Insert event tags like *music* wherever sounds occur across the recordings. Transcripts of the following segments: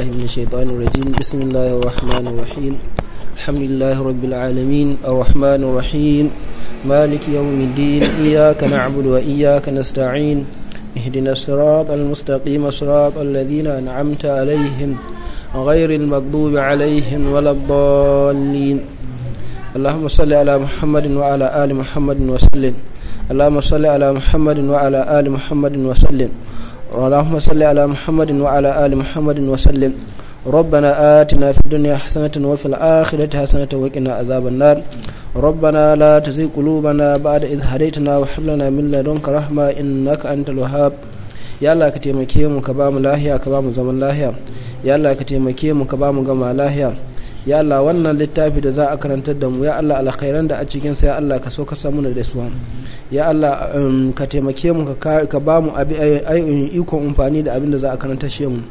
الله من الشيطان الرجيم بسم الله الرحمن الرحيم الحمد لله رب العالمين الرحمن الرحيم مالك يوم الدين إياك نعبد وإياك نستعين اهدنا الصراط المستقيم صراط الذين أنعمت عليهم غير المغضوب عليهم ولا الضالين اللهم صل على محمد وعلى آل محمد وسلم اللهم صل على محمد وعلى آل محمد وسلم اللهم صل على محمد وعلى ال محمد وسلم ربنا آتنا في الدنيا حسنه وفي الاخره حسنه وقنا عذاب النار ربنا لا تزغ قلوبنا بعد إذ هديتنا وهب لنا من لدنك رحمه انك انت الوهاب يا الله ka taimake كبا ka bamu كبا ka زمن zaman يا الله Allah ka كبا mu غما bamu يا الله wannan littafi da za a karantar da mu ya Allah alkhairan da a cikin sa ya Allah ka so ka samu da su ya Allah um, ka taimake mu ka ba mu ikon amfani da abin da za a karanta shi mu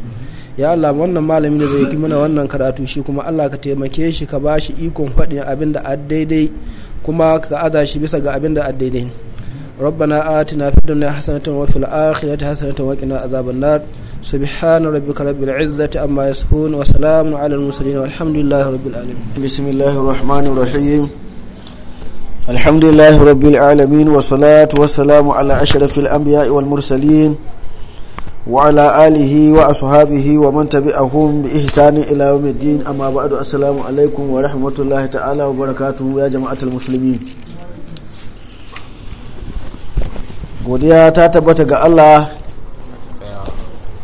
ya Allah wannan malami da zai yi mana wannan karatu shi kuma Allah ka taimake shi ka ba shi ikon faɗin abin da daidai kuma ka aza shi bisa ga abin da daidai ربنا آتنا في الدنيا حسنة وفي الآخرة حسنة وقنا عذاب النار سبحان ربك رب العزة أما يصفون وسلام على المرسلين والحمد لله رب العالمين بسم الله الرحمن الرحيم الحمد لله رب العالمين والصلاة والسلام على أشرف الأنبياء والمرسلين وعلى آله وأصحابه ومن تبعهم بإحسان إلى يوم الدين أما بعد السلام عليكم ورحمة الله تعالى وبركاته يا جماعة المسلمين godiya ta tabbata ga Allah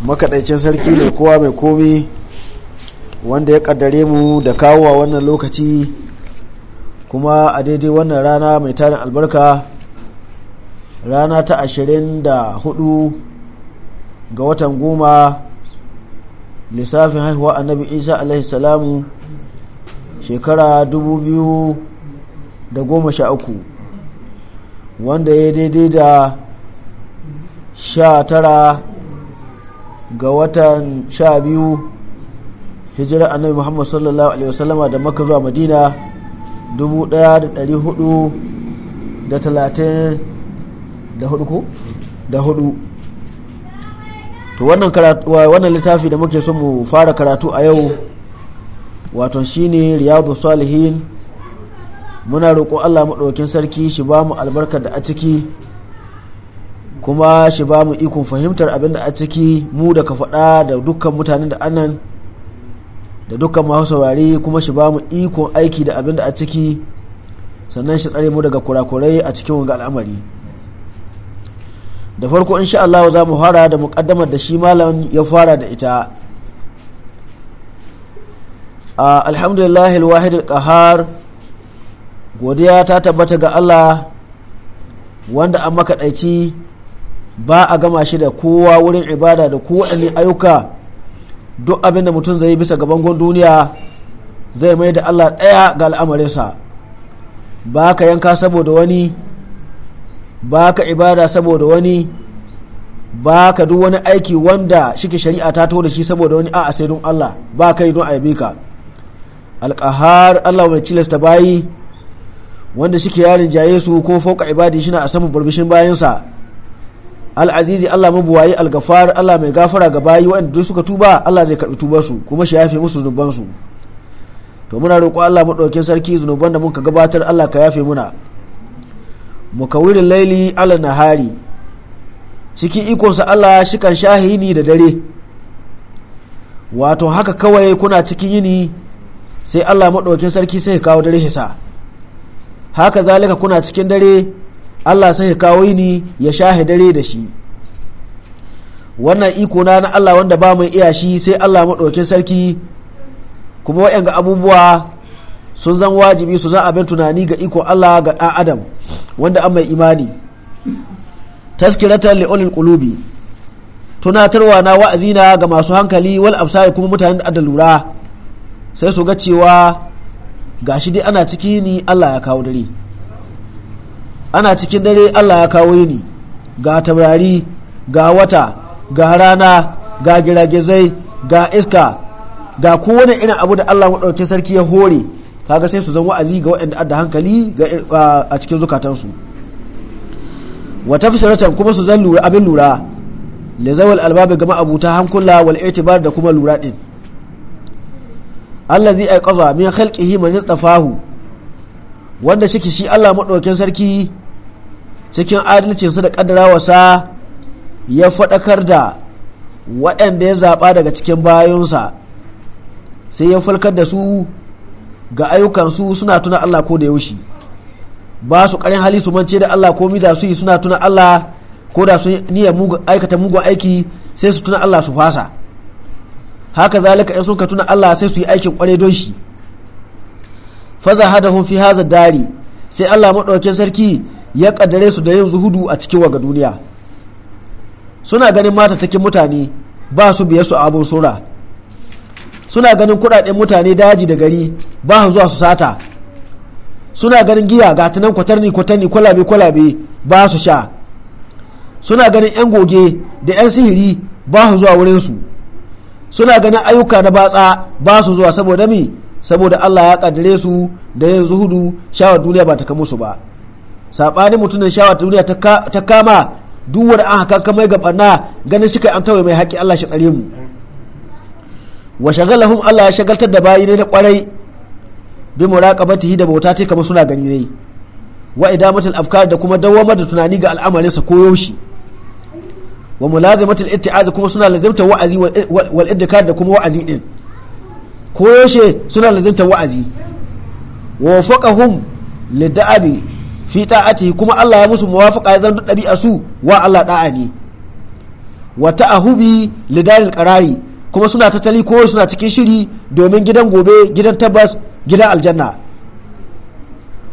makaɗaicin sarki mai kowa mai komi wanda ya kaddare mu da kawowa wannan lokaci kuma a daidai wannan rana mai tarin albarka rana ta 24 ga watan goma lissafin haihuwa annabi isa alaihi shekara 2013 wanda ya daidai da 19 ga watan 12 hijira annabi muhammad sallallahu alaihi wasallama da maka zuwa madina 1434 to wannan littafi da muke so mu fara karatu a yau wato shine riyadu salihin muna roƙo allah maɗaukin sarki shi ba mu albarkar da a ciki kuma shi ba mu ikon fahimtar abin da a ciki mu da ka faɗa da dukkan mutanen da anan da dukkan masu saurari kuma shi ba mu ikon aiki da abin da a ciki sannan shi tsare mu daga kurakurai a cikin wanga al'amari da farko insha Allah za mu fara da muƙaddamar da shi malam ya fara da ita a alhamdulillah alwahid alqahar godiya ta tabbata ga Allah wanda an makaɗaici ba a gama shi da kowa wurin ibada da ne ayyuka duk abin da mutum zai yi bisa ga bangon duniya zai mai da allah ɗaya ga al'amarinsa ba ka yanka saboda wani ba ka ibada saboda wani ba ka duk wani aiki wanda shike shari'a ta to da shi saboda wani a'a sai don allah ba kai don aibe ka alƙahar allah mai cilasta bayi wanda shike yarin jaye su ko fauka ibadi shina a saman barbishin bayansa al'azizi Allah mabuwayi al'gafar Allah mai gafara ga bayi waɗanda duk suka tuba Allah zai karɓi tuba su kuma shi yafe musu zunuban su to muna roƙo Allah maɗaukin sarki zunuban da muka gabatar Allah ka yafe muna mu mukawirin laili ala nahari cikin sa Allah shi kan shahini da dare wato haka kawai kuna cikin yini sai Allah maɗaukin sarki sai kawo dare hisa haka zalika kuna cikin dare Allah sai ya kawo ni ya sha dare da shi wannan iko na na Allah wanda ba mai iya shi sai Allah maɗaukin sarki kuma waɗanga abubuwa sun zan wajibi su za a bin tunani ga iko Allah ga ɗan adam wanda an mai imani taskiratar li'ulil kulubi tunatarwa na wa'azi na ga masu hankali wal absari kuma mutanen da lura sai su ga cewa gashi dai ana ciki ni Allah ya kawo dare ana cikin dare allah ya kawo ni ga taurari ga wata ga rana ga giragizai ga iska ga kowane irin abu da allah maɗauki sarki ya hore kaga sai su zan wa'azi ga waɗanda adda hankali a cikin zukatansu wata tafsiratan kuma su zan lura abin lura le zawal albabi gama abuta hankula wal itibar da kuma lura din allazi ay qaza min khalqihi man istafahu wanda shiki shi Allah madaukin sarki cikin adalcinsa da wasa ya faɗakar da waɗanda ya zaɓa daga cikin bayansa sai ya falkar da su ga ayyukansu suna tuna Allah ko da yaushe ba su ƙarin hali su mance da Allah ko miza su yi suna tuna Allah ko da su niyyar aikata mugun aiki sai su tuna Allah su fasa haka zalika in sun ka tuna Allah sai su yi aikin kware don shi faza hada fi haza dari sai Allah maɗaukin sarki ya kaddare su da yin zuhudu a cikin waga duniya suna ganin mata take mutane ba su biye su abun sura suna ganin kudaden mutane daji da gari ba su zuwa su sata suna ganin giya ga tunan kwatarni kwatarni kwalabe kwalabe ba su sha suna ganin 'yan goge da 'yan sihiri ba su zuwa wurinsu suna ganin ayyuka na batsa ba su zuwa saboda mi saboda allah ya kaddare su da yin zuhudu shawar duniya ba ta kamo su ba saɓani mutumin shawa duniya ta kama duwar an haka kama ga barna ganin shi kai an tawaye mai haƙƙi Allah shi tsare mu wa shagalahum Allah ya shagaltar da bayi ne da kwarai bi muraqabati da bauta take kamar suna gani ne wa idamatul afkar da kuma dawamar da tunani ga al'amarin sa ko yaushe wa mulazimatul itti'az kuma suna lazimta wa'azi wal iddikar da kuma wa'azi din ko suna lazimta wa'azi wa faqahum lid'abi fi ta'ati kuma Allah ya musu muwafaqa ya zama ɗabi'a su wa Allah da'a ne wa ta'ahubi lidaril qarari kuma suna tattali ko suna cikin shiri domin gidan gobe gidan tabbas gidan aljanna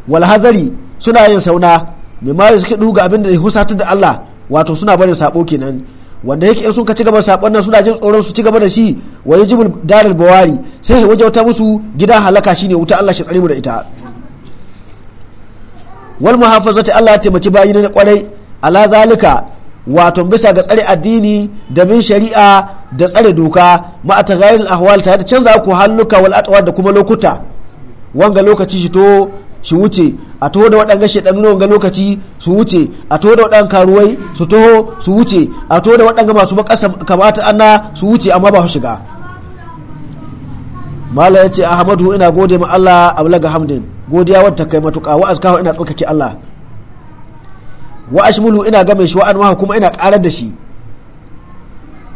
wal hadari suna yin sauna mai ma suke duga abin da husatar da Allah wato suna barin sabo kenan wanda yake in sun ka ci gaba nan suna jin tsoron su ci gaba da shi wa yajibul darul bawari sai wajauta musu gidan halaka shine wuta Allah shi tsare mu da ita wal muhafazati Allah ya taimaki bayi na kwarai ala zalika wato bisa ga tsare addini da bin shari'a da tsare doka ma a tagayyarin ahwal tare da canza ku halluka wal atwa da kuma lokuta wanga lokaci shi to shi wuce a taho da waɗanga shaɗannu wanga lokaci su wuce a taho da waɗanga karuwai su taho su wuce a taho da waɗanga masu makasa kamata ana su wuce amma ba su shiga mala ya ce ahmadu ina gode ma allah ablaga hamdin godiya wadda kai matuƙa wa azkahu ina tsarkake Allah wa ashmulu ina game shi wa anwahu kuma ina karar da shi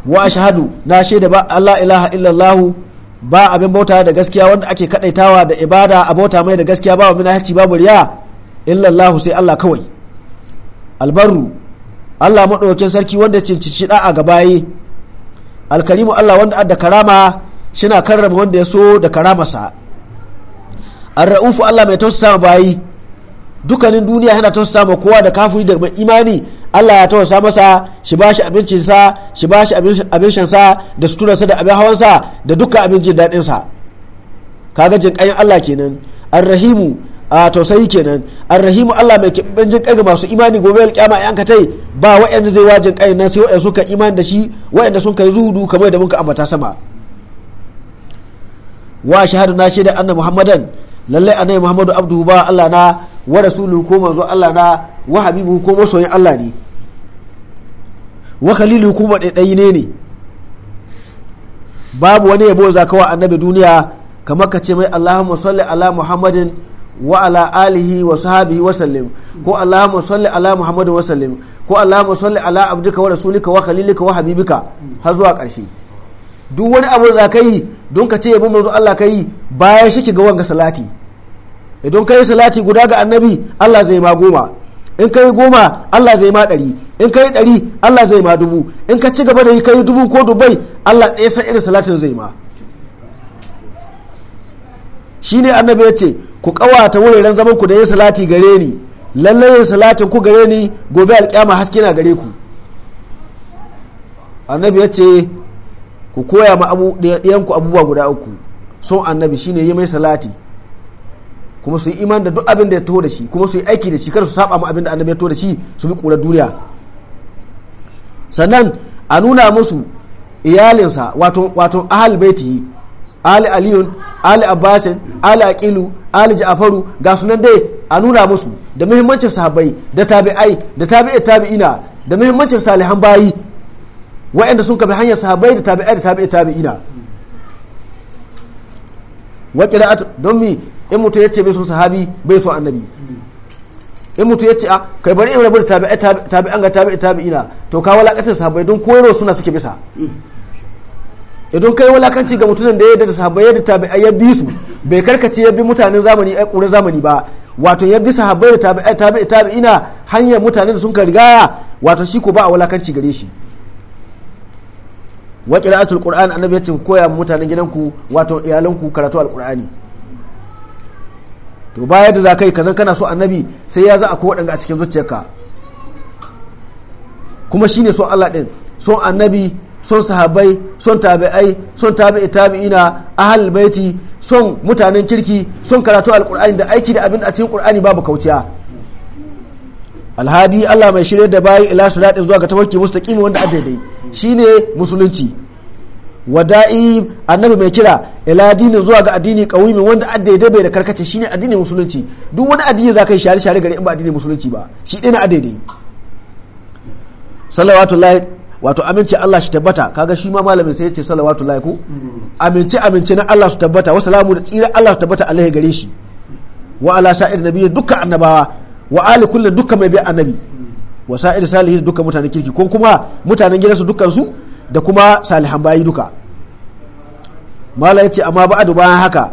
wa ashhadu na shaida ba Allah ilaha illallah ba abin bauta da gaskiya wanda ake kadaitawa da ibada a bauta mai da gaskiya ba wani hacci babu riya illallah sai Allah kawai albaru Allah madaukakin sarki wanda cincici da ga baye alkarimu Allah wanda adda karama shina karrama wanda ya so da karamarsa ar-ra'ufu Allah mai tausasa bayi dukkanin duniya yana tausasa ma kowa da kafiri da mai imani Allah ya tausasa masa shi ba shi abincin shi ba shi abin shan sa da suturarsa da abin hawan sa da dukkan abin jin daɗin sa kaga jin kayan Allah kenan ar-rahimu a tausayi kenan ar-rahimu Allah mai kibin jin ga masu imani gobe alƙiyama ayan ka tai ba wa'anda zai wajin ƙayin nan sai waɗanda suka imani da shi wa'anda sun yi zuhudu kamar da muka ambata sama wa shahadu na da anna muhammadan lalle annabi muhammadu abdu ba Allah na wa rasulun ko manzo Allah na wa habibu ko masoyin Allah ne wa khalilu kuma ɗaiɗai ne ne babu wani yabo za kawa annabi duniya kamar ka ce mai Allahumma salli ala Muhammadin wa ala alihi wa sahabihi wa sallim ko Allahumma salli ala Muhammadin wa sallim ko Allahumma salli ala abdika wa rasulika wa khalilika wa habibika har zuwa ƙarshe duk wani abu za ka yi don ka ce yabon manzo Allah ka yi baya shi ki ga wanga salati idan ka yi salati guda ga annabi Allah zai ma goma in ka yi goma Allah zai ma ɗari in ka yi ɗari Allah zai ma dubu in ka ci gaba da yi ka yi dubu ko dubai Allah ɗaya sa irin salatin zai ma shi ne annabi ya ce ku ƙawata wuraren zaman ku da yin salati gare ni lallai yin salatin ku gare ni gobe alƙyama haske na gare ku annabi ya ce ku koya ma ɗayanku abubuwa guda uku son annabi shine yi mai salati kuma su yi iman da duk abin da ya taho da shi kuma su yi aiki da shi kar su saba ma abin da annabi ya taho da shi su bi kura duniya sannan a nuna musu iyalinsa wato wato ahal baiti ali aliyun ali abbasin ali aqilu ali ja'faru ga sunan dai a nuna musu da muhimmancin sahabbai da tabi'ai da tabi'i tabi'ina da muhimmancin salihan bayi wa'anda sun kabi hanyar sahabbai da tabi'ai da tabi'ai tabi'ina wa qira'atu don mi in mutum yace bai so sahabi bai so annabi in mutum yace a kai bari in rabu da tabi'ai tabi'an ga tabi'ai tabi'ina to ka walakatar sahabbai don koyarwa suna suke bisa idan kai walakanci ga mutumin da ya da sahabbai ya da tabi'ai ya bi su bai karkace ya bi mutanen zamani ai eh, ƙura zamani ba wato ya bi sahabbai da tabi'ai tabi'i tabi'ina hanyar mutanen da sun ka rigaya wato shi ko ba a walakanci gare shi wa qira'atul qur'an annabi ya ce ku koya mutanen gidanku wato iyalanku karatu alqur'ani to baya da zakai kazan kana so annabi sai ya za a ko wadanga a cikin zuciyarka kuma shine so Allah din so annabi son sahabbai son tabi'ai son tabi'i tabi'ina ahal baiti son mutanen kirki son karatu alqur'ani da aiki da abin a cikin qur'ani babu kauciya alhadi Allah mai shirye da bayi ila daɗin zuwa ga tafarki mustaqim wanda a daidai shine musulunci wada'i annabi mai kira ila dini zuwa ga addini qawimin wanda a daidai bai da karkace shine addini musulunci duk wani addini zaka yi share share gari in ba addini musulunci ba shi dai na a daidai salawatullahi wato aminci Allah shi tabbata kaga shi ma malamin sai ya ce salawatullahi ko aminci aminci na Allah su tabbata wa salamu da tsira Allah su tabbata alaihi gare shi wa ala sa'ir nabiyyi dukkan annabawa wa ali kullu duka mai bi annabi wa sa'ir salihin duka mutanen kirki ko kuma mutanen gidansu dukkan su da kuma salihan bayi duka mala yace amma ba'adu bayan haka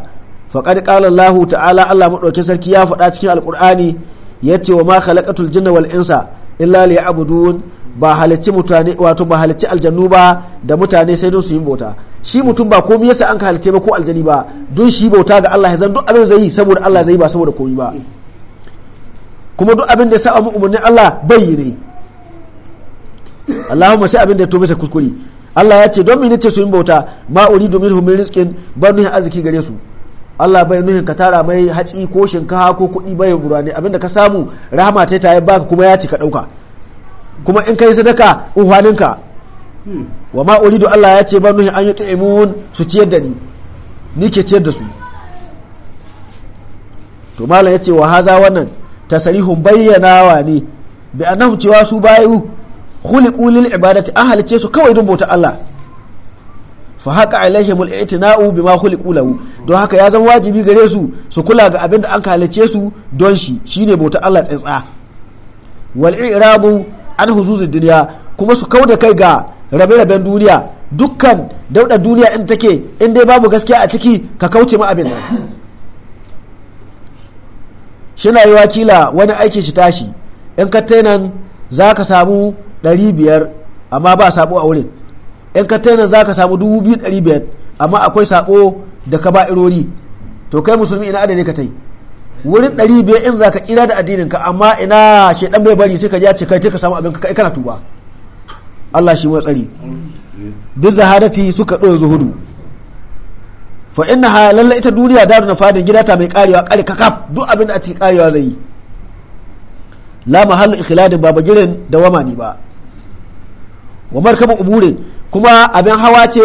faqad qala Allah ta'ala Allah madauke sarki ya faɗa cikin ya ce wa ma khalaqatul jinna wal insa illa liya'budun ba halicci mutane wato ba halicci aljannu ba da mutane sai don su yi bauta shi mutum ba komai yasa an ka halitte ba ko aljani ba don shi bauta ga Allah ya zan duk abin zai yi saboda Allah zai ba saboda komai ba kuma duk abin da ya saba mu umarnin Allah bayyane Allahumma sai abin da ya tobe bisa kuskure Allah ya ce don mene ce su yin bauta ma uridu minhum min rizqin ban nuhin arziki gare su Allah bai nuhin ka tara mai haci ko shinkafa ko kuɗi bai burane da ka samu rahama ta ta baka kuma ya ci ka ɗauka kuma in ka yi sadaka uhaninka wa ma uridu Allah ya ce ban nuhin an yi imun su ciyar da ni ni ke ciyar da su to malam ya ce wa haza wannan tasarihun bayyanawa ne bi annahum cewa su bayu khuliqu lil ibadati an halice su kawai don bauta Allah fa haka alaihim al-i'tina'u bima khuliqu lahu don haka ya zama wajibi gare su su kula ga abin da an halice su don shi shine bauta Allah tsantsa wal i'radu an huzuzid dunya kuma su kauda kai ga rabe-raben duniya dukkan dauda duniya in take in dai babu gaskiya a ciki ka kauce ma abin nan shina yi wakila wani aiki shi tashi in ka tainan za ka samu 500 amma ba sabo a wurin in ka tainan za ka samu 2500 amma akwai sabo da ka ba irori to kai musulmi ina adadi ka tai wurin 500 in za ka kira da addinin ka amma ina dan bai bari sai ka ja ce kai ka samu abin ka kai kana tuba Allah shi mai tsari duk zahadati suka ɗoya zuhudu fa inna ha lalla ita duniya daru na fadin gida ta mai karewa kare kakaf duk abin da a cikin karewa zai yi la mahallu ikhladin baba girin da wama ni ba wa markabu uburin kuma abin hawa ce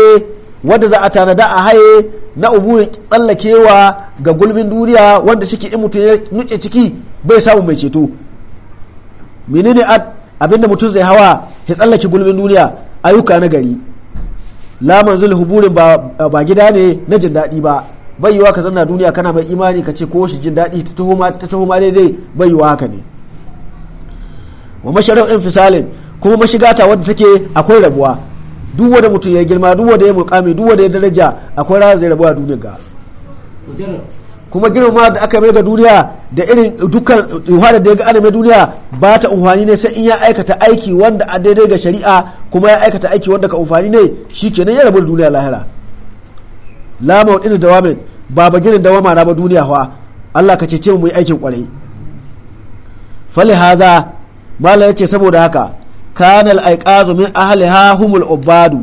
wanda za a tanada a haye na uburin tsallakewa ga gulbin duniya wanda shike in mutum ya nuce ciki bai samu mai ceto menene abin da mutum zai hawa ya tsallake gulbin duniya ayyuka na gari la manzil huburin ba gida ne na jin daɗi ba baiwa ka zanna duniya kana mai imani ka ce ko shi jin daɗi ta taho ma daidai baiwa haka ne wa masharar infisalin kuma mashigata wadda take akwai rabuwa duk wanda mutum ya girma duk wanda ya mukami duk wanda ya daraja akwai rana zai rabuwa duniya ga kuma ma da aka mai ga duniya da irin dukkan ruhada da ya ga ana mai duniya ba ta umfani ne sai in ya aikata aiki wanda a daidai ga shari'a kuma ya aikata aiki wanda ka umfani ne shi kenan ya rabu da duniya lahira la da wamin ba girin dawama na ba duniya fa Allah ka cece mu yi aikin kwarai fali haza mala yace saboda haka kanal aiqazu min ahliha humul ubadu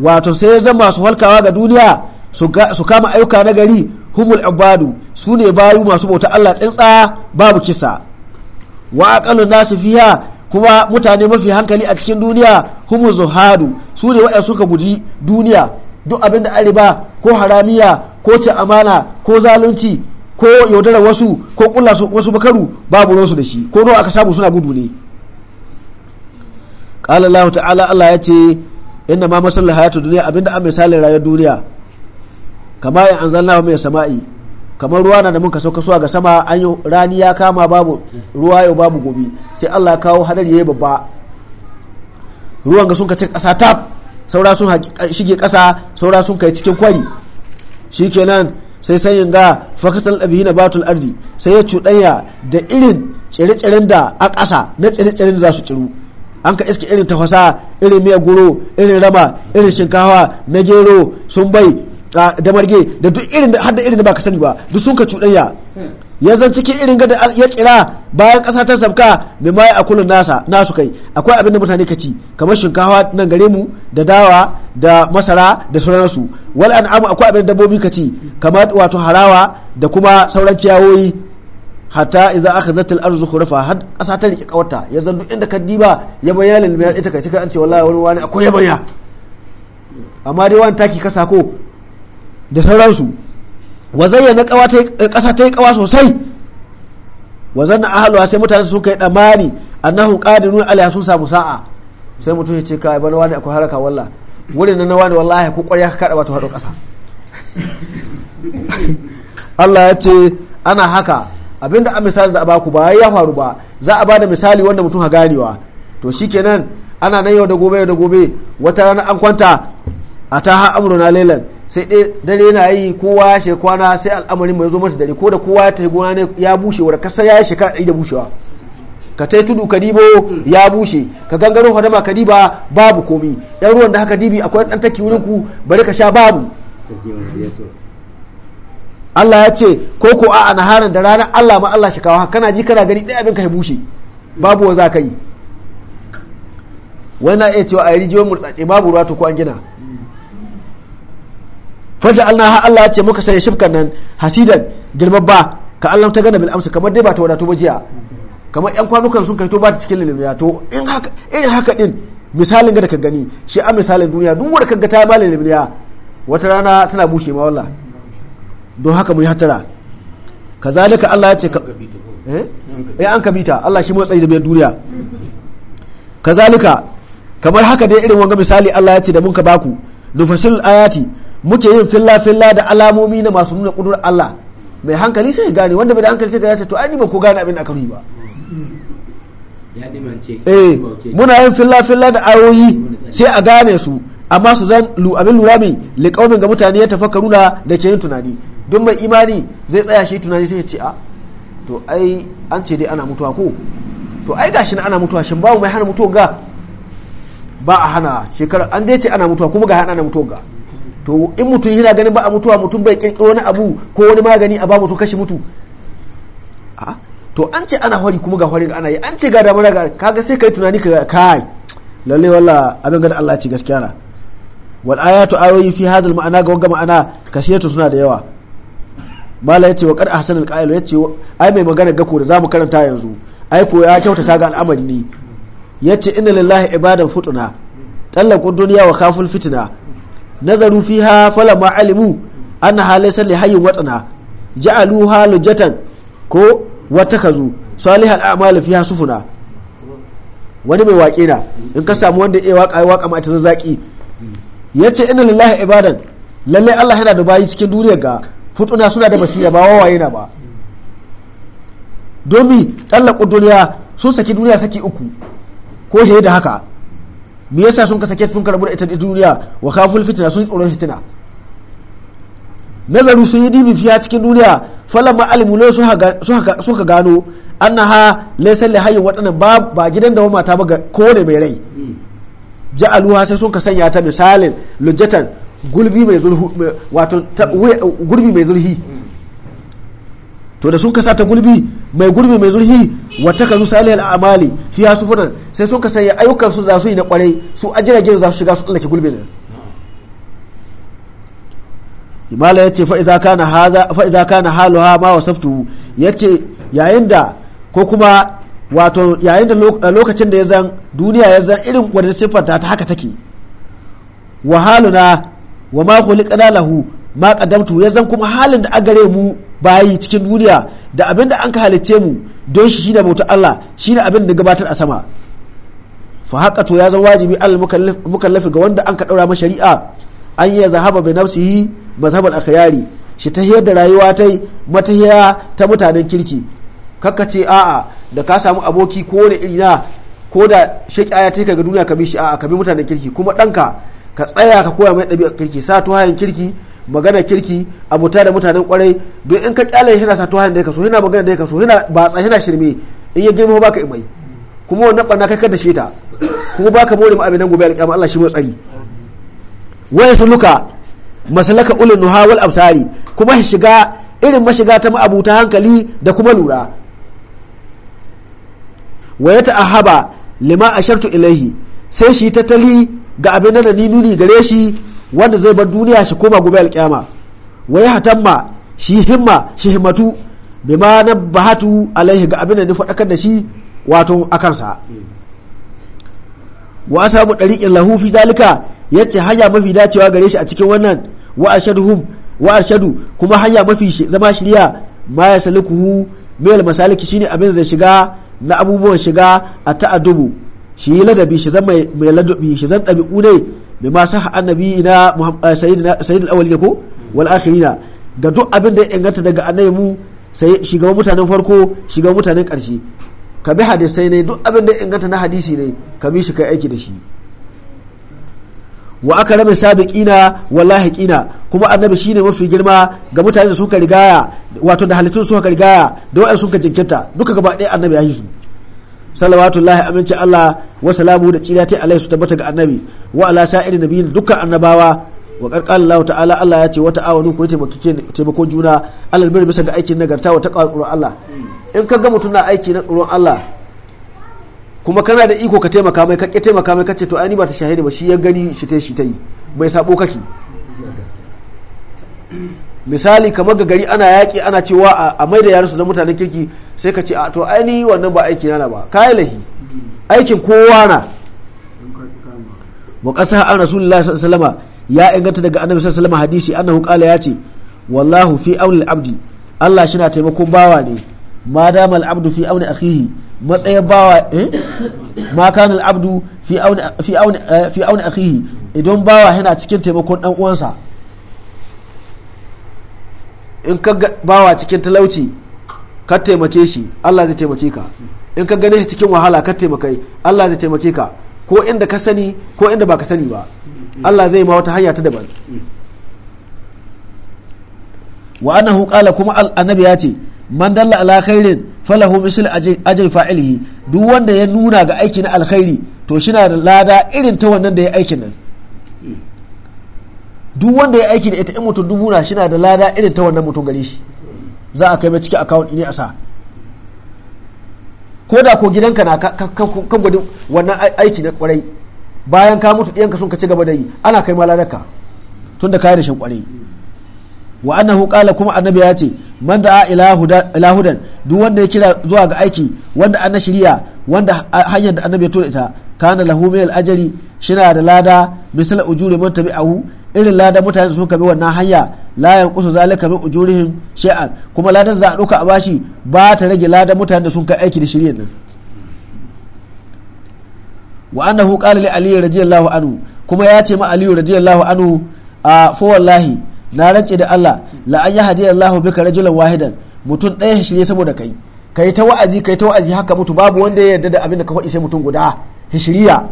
wato sai zama su halkawa ga duniya su kama ayyuka na gari humul ibadu su ne bayu masu bauta Allah tsintsa babu kisa wa aqallu nasu fiha kuma mutane mafi hankali a cikin duniya humul zuhadu su ne waɗanda suka guji duniya duk abin da ariba ko haramiya ko ci amana ko zalunci ko yaudarar wasu ko kulla wasu makaru babu ruwansu da shi ko nawa aka samu suna gudu ne qala Allah ta'ala Allah ya ce inna ma masal hayatu duniya abinda an misalin rayuwar duniya kama ya anzalna mai sama'i kamar ruwa na da muka sauka suwa ga sama an yi rani ya kama babu ruwa yau babu gobe sai Allah ya kawo hadari yi babba ruwan ga sun ka cikin ƙasa tap saura sun shige ƙasa saura sun kai cikin kwari shikenan sai sanyin ga fakatal na batul ardi sai ya cuɗanya da irin tsire-tsiren da a ƙasa na tsire-tsiren za su tsiru an ka iske irin tafasa irin miya guro irin rama irin shinkawa na gero sun bai da marge da duk irin har da irin da baka sani ba duk sun ka cuɗanya ya zan cikin irin gada ya tsira bayan ƙasa ta sabka mai mai a kullun nasa nasu kai akwai abin da mutane ka ci kamar shinkawa nan gare mu da dawa da masara da sauransu wal an'amu akwai abin dabbobi ka ci kamar wato harawa da kuma sauran ciyawoyi hatta idan aka zata al'arzu khurafa har ƙasa ta rike kawarta ya zan duk inda ka diba ya bayyana ita kai cika an ce wallahi wani wani akwai yabaya amma dai wani taki ka sako da sauransu wa zayyana ƙasa ta yi ƙawa sosai wa na ahalwa sai mutane sun kai damani annahu qadirun alaiha sun samu sa'a sai mutum ya ce kai bana wani akwai haraka walla wurin nan wani wallahi ko ƙwarya ka kada wato hado ƙasa *laughs* Allah ya ce ana haka abinda a misali za a baku ba ya faru ba za a bada misali wanda mutum ha ganewa to shikenan ana nan yau da gobe yau da gobe wata rana an kwanta a ta ha amruna lailan sai dare yana yi kowa ya shi kwana sai al'amarin mai zo mata dare ko da kowa ya ta gona ne ya bushe wa kasa ya shekara ɗari da bushewa ka yi tudu ka dibo ya bushe ka gangaro hadama ka diba babu komi yan ruwan da haka dibi akwai ɗan taki wurin ku bari ka sha babu Allah ya ce ko ko a haran da rana Allah ma Allah shi kawo kana ji kana gani ɗaya abin ka ya bushe babu wa za ka yi wani na iya cewa a yi rijiyar murtsatse babu ruwa to ko an gina alna ha Allah ya ce muka sanya shifkan nan hasidan girman ba ka Allah ta gana bil amsa kamar dai ba ta wadato ba jiya kamar yan kwanukan sun kai to ba ta cikin lilmiya to in haka in haka din misalin ga da ka gani shi a misalin duniya duk wanda kaga ta malin lilmiya wata rana tana bushe ma wallah don haka mu yi hatara kazalika Allah ya ce ka eh ya eh, an kabita Allah shi motsayi da biyar duniya kazalika kamar haka dai irin wanga misali Allah ya ce da mun ka baku nufasil ayati muke yin filla filla da alamomi na masu nuna kudur Allah mai hankali sai gane wanda bai da hankali sai gane to ai ni ba ko gane abin da aka yi ba eh muna yin filla filla da ayoyi sai a gane su amma su zan abin lura mai liƙaumin ga mutane ya na da ke yin tunani don mai imani zai tsaya shi tunani sai ya ce a ah, to ai an ce dai ana mutuwa ko to ai gashi na ana mutuwa shin babu mai hana mutuwa ga ba a hana shekara an dai ce ana mutuwa kuma ga hana ana mutuwa ga to in mutum yana ganin ba a mutuwa mutum bai kirkiro wani abu ko wani magani a ba mutum kashe mutu to an ce ana hori kuma ga hori ana yi an ce ga damar ga kaga sai kai tunani ka kai lalle walla abin ga Allah ci gaskiya na wal ayatu ayoyi fi hadal ma'ana ga wanga ma'ana kasiyatu suna da yawa mala yace wa qad ahsanal qa'il yace ai mai magana gako da zamu karanta yanzu ai ko ya kyautata ga al'amari ne yace inna lillahi ibadan futuna tallaqu dunya wa khaful fitna nazaru fiha ma alimu ana laysa li hayyin watana ja'aluha lujatan ko watakazu salihal a'mal ha sufuna wani mai waƙe na in ka samu wanda ya waƙa waƙa ma ta zaƙi yace inna lillahi ibadan lallai Allah yana da bayi cikin duniya ga futuna suna da basira ba wawaye na ba domin tallaqu duniya sun saki duniya saki uku ko he da haka me yasa sun ka sake sun karbu da ita duniya wa khaful fitna sun tsoron fitina nazaru sun yi dibi fiya cikin duniya falan ma'alimu ne su ka gano annaha laysa da hayin waɗannan ba ba gidan da mata ba ga kowane mai rai ja'aluha sai sun ka sanya ta misalin lujatan gulbi mai gurbi mai to da sun ka sa ta gulbi mai gurbi mai zurhi wata ka zu salihal amali fi ya sufuna sai sun ka sanya ayyukan su da su yi na kwarai su ajirage za su shiga su tsallake gurbi ne imala ya ce fa'iza kana ha ma saftu ya ce yayin da ko kuma wato yayin da lokacin da ya zan duniya ya zan irin wadda siffarta ta haka take wa haluna wa ma kuli kanalahu ma kadamtu ya zan kuma halin da agare mu bayi cikin duniya da abin da an ka halitce mu don shi shine bautar Allah shine abin da gabatar a sama fa haka to ya zama wajibi al mukallafi ga wanda an ka daura masa shari'a an ya zahaba bi nafsihi mazhabal akhyari shi ta da rayuwa tai matahiya ta mutanen kirki kakka ce a'a da ka samu aboki ko da iri na ko da sheki aya ta ga duniya ka bi shi a'a ka bi mutanen kirki kuma danka ka tsaya ka koya mai ɗabi'a kirki sa tuhayen kirki magana kirki abuta da mutanen kwarai don in ka kyale hina sa sato da ya so yana magana da kaso so yana batsa yana shirme in ya girma baka imai kuma wannan barna kai kada shi ta kuma baka bori mu nan gobe alƙiyama Allah shi mai tsari wai su luka masalaka ulun nuha wal absari kuma shiga irin mashiga ta ma'abuta hankali da kuma lura wa ya ta'ahaba lima shartu ilaihi sai shi tattali ga abin da ni nuni gare shi wanda zai bar duniya shi koma gobe alkyama wa ya hatamma shi himma shi himmatu ma na bahatu alaihi ga abin da ni faɗakar da shi wato a kansa wa asabu ɗariƙin lahu fi zalika yace hanya mafi dacewa gare shi a cikin wannan wa arshaduhum wa arshadu kuma hanya mafi zama shirya ma ya salikuhu mail masaliki shine abin zai shiga na abubuwan shiga a ta'addubu shi ladabi shi zama mai ladabi shi zan ɗabi'u ne bima sah annabi eh, ina sayid al awwalin ko wal akhirina ga duk abin da ya inganta daga annabi mu sai shiga mutanen farko shiga mutanen karshe ka bi hadisai ne duk abin da ya inganta na hadisi ne ka bi shi kai aiki da shi wa aka rabe sabiqina wallahi qina kuma annabi shine mafi girma ga mutanen da suka rigaya wato da halittun suka rigaya da wa'an suka jinkirta duka gaba ɗaya annabi ya yi su lahi aminci Allah wa salamu da tsira ta alaihi su tabbata ga annabi wa ala sa'iri nabiyin dukkan annabawa wa qarqal Allah ta'ala Allah ya ce wa ta'awanu ku taimako juna alal bir bisa ga aikin nagarta wa taqwa tsoron Allah in ka ga mutum na aiki na tsoron Allah kuma kana da iko ka taimaka mai ka ke taimaka mai kace to ai ni ba ta shahidi ba shi ya gani shi tai shi tai mai bai sabo kake misali kamar ga gari ana yaki ana cewa a maida da yaran su mutanen kirki sai ka ce a to ainihi wannan ba aiki na ba kayi lahi aikin kowa na wa kasa an rasulullahi sallallahu alaihi ya inganta daga annabi sallallahu alaihi hadisi annahu qala ya ce wallahu fi auni abdi Allah shi na taimakon bawa ne ma dama al'abdu fi auni akhihi matsayin bawa eh ma kana al'abdu fi auni fi auni eh, fi auni akhihi idan bawa yana cikin taimakon dan uwansa in ka bawa cikin talauci ka taimake shi Allah zai taimake ka in ka gane shi cikin wahala ka taimakai Allah zai taimake ka ko inda ka sani ko inda ba ka sani ba Allah zai ma wata hanya ta daban wa annahu qala kuma annabi ya ce man dalla ala khairin falahu misl ajri fa'ilihi duk wanda ya nuna ga aiki na alkhairi to shi na da lada irin ta wannan da ya aikin nan duk wanda ya aiki da ita in mutum dubu na shi na da lada irin ta wannan mutum gare shi za a kai mai ciki account ne a sa ko da ko gidanka na kan gudun wannan aiki na kwarai bayan ka mutu ɗiyanka sun ka ci gaba da yi ana kai daka tun da kayi da shan kwarai wa annan hukala kuma annabi ya ce man da ila ilahudan duk wanda ya kira zuwa ga aiki wanda an shirya wanda hanyar da annabi ya tura ita kana lahu min al-ajri shina da lada misal ujuri man tabi'ahu irin lada mutane suka bi wannan hanya la kusa zalika min ujurihim shay'an kuma ladan za a ɗauka a bashi ba ta rage ladan mutanen da sun kai aiki da shirye nan wa annahu qala li ali radiyallahu anhu kuma ya ce ma ali radiyallahu anhu a fa wallahi na rance da Allah la an yahdiyallahu bika rajulan wahidan mutum ɗaya shirye saboda kai kai ta wa'azi kai ta wa'azi haka mutu babu wanda ya yarda da abin da ka faɗi sai mutum guda hishiriya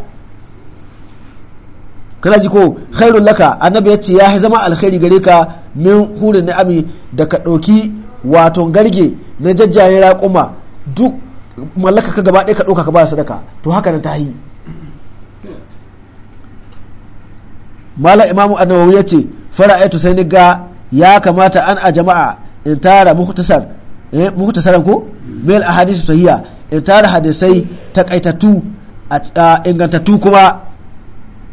kana ji ko khairul laka annabi yace ya zama alkhairi gare ka min hurin na da ka ɗauki wato garge na jajjaye raƙuma duk mallaka ka gaba ɗaya ka ɗauka ka ba sadaka to haka nan ta yi mala imamu annawawi ya ce fara'aitu sai ni ga ya kamata an a jama'a in tara muhtasar eh muhtasaran ko mil ahadisu sahiha in tara hadisai takaitattu ingantattu kuma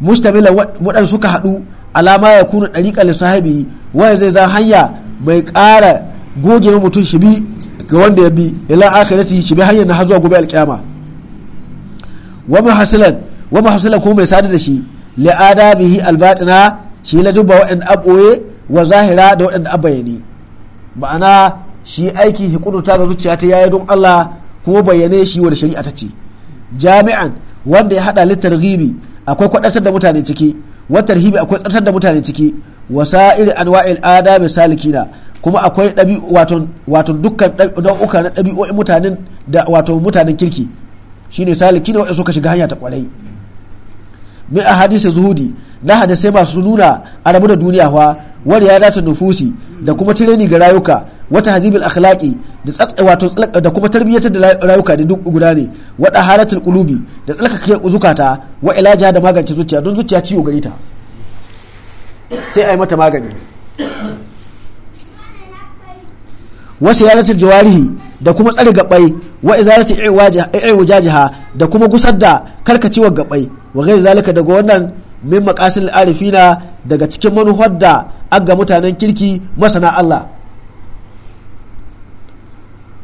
mustamila waɗanda suka haɗu alama ya kuna ɗariƙa lissahabi wanda zai zan hanya mai ƙara goge mutum shi bi ga wanda ya bi ila akhirati shi bi hanyar na hazuwa gobe alƙiyama wa mahasilan wa mahasilan kuma mai sadu da shi li adabihi albatina shi la duba waɗanda aboye wa zahira da waɗanda abayani ma'ana shi aiki shi kudurta da zuciya ta yayi don Allah kuma bayyane shi wa da shari'a ta ce jami'an wanda ya hada littarghibi akwai kwadatar da mutane ciki wa tarhibi akwai tsartar da mutane ciki wa sa'ir anwa'il adabi salikina kuma akwai ɗabi'u wato wato dukkan nau'uka na ɗabi'o'in mutanen da wato mutanen kirki shine salikina wa'in suka shiga hanya ta kwarai min ahadisi zuhudi na hadisai masu nuna a da duniya wa wani ya dace nufusi da kuma tireni ga rayuka wata hazibil akhlaqi da tsatsa wato da kuma tarbiyyatar da rayuka da duk guda ne wada kulubi qulubi da kai zukata wa ilaja da magance zuciya don zuciya ciwo gare ta sai ai mata magani wa siyaratul jawarihi da kuma tsare gabai wa izaratul iwajajiha da kuma gusar da karkacewar gabai wa ghairi zalika daga wannan min maqasil arifina daga cikin manuhar da aga mutanen kirki masana Allah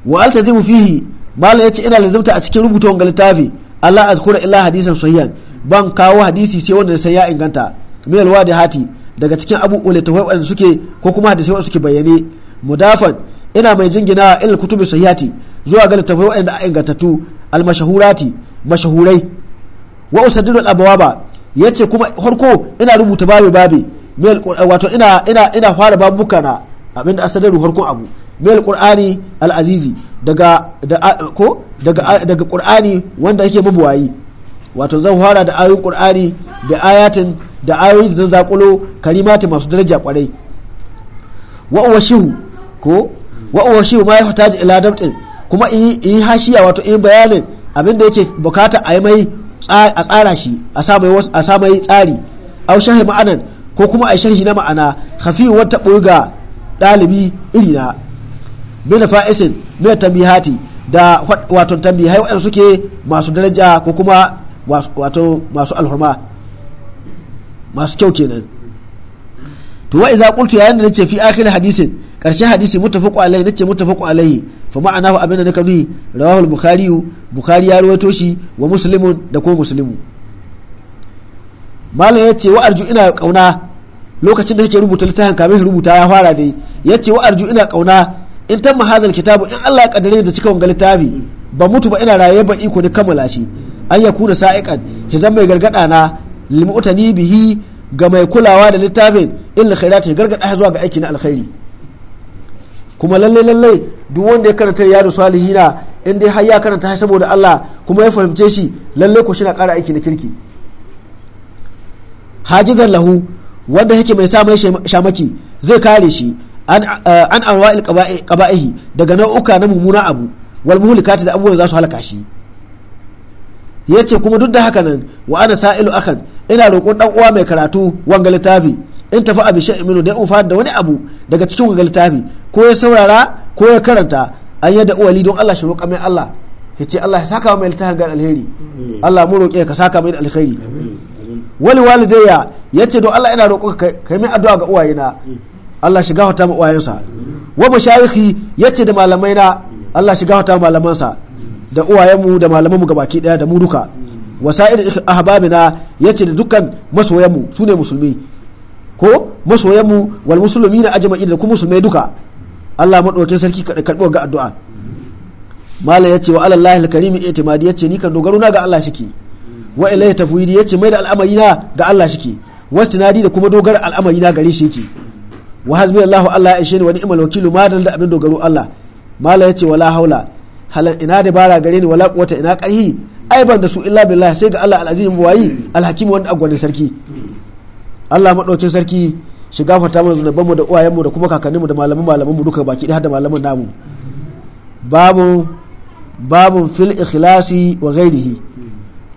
wa altazimu fihi malam yace ina lazimta a cikin rubuta ga littafi Allah azkura illa hadisan sahihan ban kawo hadisi sai wanda sai ya inganta mai alwa hati daga cikin abu ulitawai wanda suke ko kuma hadisi wanda suke bayyane mudafan ina mai jingina ilal kutubi sahihati zuwa ga littafai wanda ingantattu al mashahurati mashahurai wa usaddidu al abwaba yace kuma harko ina rubuta babe babe wato ina ina ina fara babukana abinda asadaru harko abu mil qur'ani al'azizi azizi daga ko qur'ani wanda yake mabuwayi wato zan fara da ayoyin qur'ani da ayatin da ayoyin zan zakulo kalimati masu daraja kwarai wa washihu ko wa washihu ma ji ila dabtin kuma in hashiya wato in bayanin abin da yake bukata a yi mai a tsara shi a sa mai tsari a sharhi ma'anan ko kuma a sharhi na ma'ana khafi wata ɓoye ga ɗalibi irina bin fa'isin min tambihati da wato tambihai waɗanda suke masu daraja ko kuma wato masu alhurma masu kyau kenan to wa iza qultu ya da nace fi akhir hadisin karshe hadisi mutafaqu alayhi nace mutafaqu alayhi fa ma'anahu abin da nake nuhi rawahu al-bukhari bukhari ya rawaito shi wa muslim da ko muslimu malam yace wa arju ina kauna lokacin da yake rubuta littafin kamin rubuta ya fara dai yace wa arju ina kauna in ta mahazar kitabu in Allah ya kaddare da cikin littafi ba mutu ba ina raye ba iko ni kammala shi an ya kuna hizan mai gargada na limutani bihi ga mai kulawa da littafin in illa khairat ya gargada zuwa ga aiki na alkhairi kuma lalle lallai duk wanda ya karanta ya da salihina in dai har ya karanta saboda Allah kuma ya fahimce shi lalle ko shina kara aiki na kirki hajizan lahu wanda yake mai sa mai shamaki zai kare shi an eh, wa'il qaba'ihi daga nau'uka na mummuna abu wal muhlikati da abubuwan za su halaka shi yace kuma duk da haka nan wa ana sa'ilu akan ina roƙon dan uwa mai karatu wanga littafi in tafi abi shay'in minhu da ufa da wani abu daga cikin wanga littafi ko ya saurara ko ya karanta an yadda uwali don Allah shi roƙa mai Allah yace Allah ya saka mai littafin ga alheri Allah mu roƙe ka saka mai alheri wali walidayya yace don Allah ina roƙo ka kai mai addu'a ga uwayena mm. Allah shiga hota mu uwayensa wa mashayikhi yace da malamai na Allah shiga hota malamansa da uwayenmu da malamanmu gabaki daya da mu duka wasa'ir ahbabina yace da dukkan masoyanmu sune musulmi ko masoyanmu wal muslimina ajma'in da kuma musulmai duka Allah madaukakin sarki ka karbo ga addu'a mala yace wa alallahi alkarimi i'timadi yace ni kan dogaro na ga Allah shike wa ilayhi tafwidi yace mai da al'amari na ga Allah shike wastinadi da kuma dogara al'amari na gare shi yake wa hasbi Allahu Allah ya shine wani wa ni'mal wakilu ma da abin dogaro Allah mala yace wala haula halal ina da bara gare ni wala quwata ina karhi ai ban da su illa billahi sai ga Allah al-azim wayi al-hakim wanda agwani sarki Allah madaukin sarki shiga gafarta mana zunuban mu da uwayen mu da kuma kakanninmu da malaman malaman mu duka baki da malaman namu babu babu fil ikhlasi wa ghairihi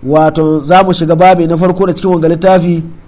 wato zamu shiga babi na farko da cikin wanga littafi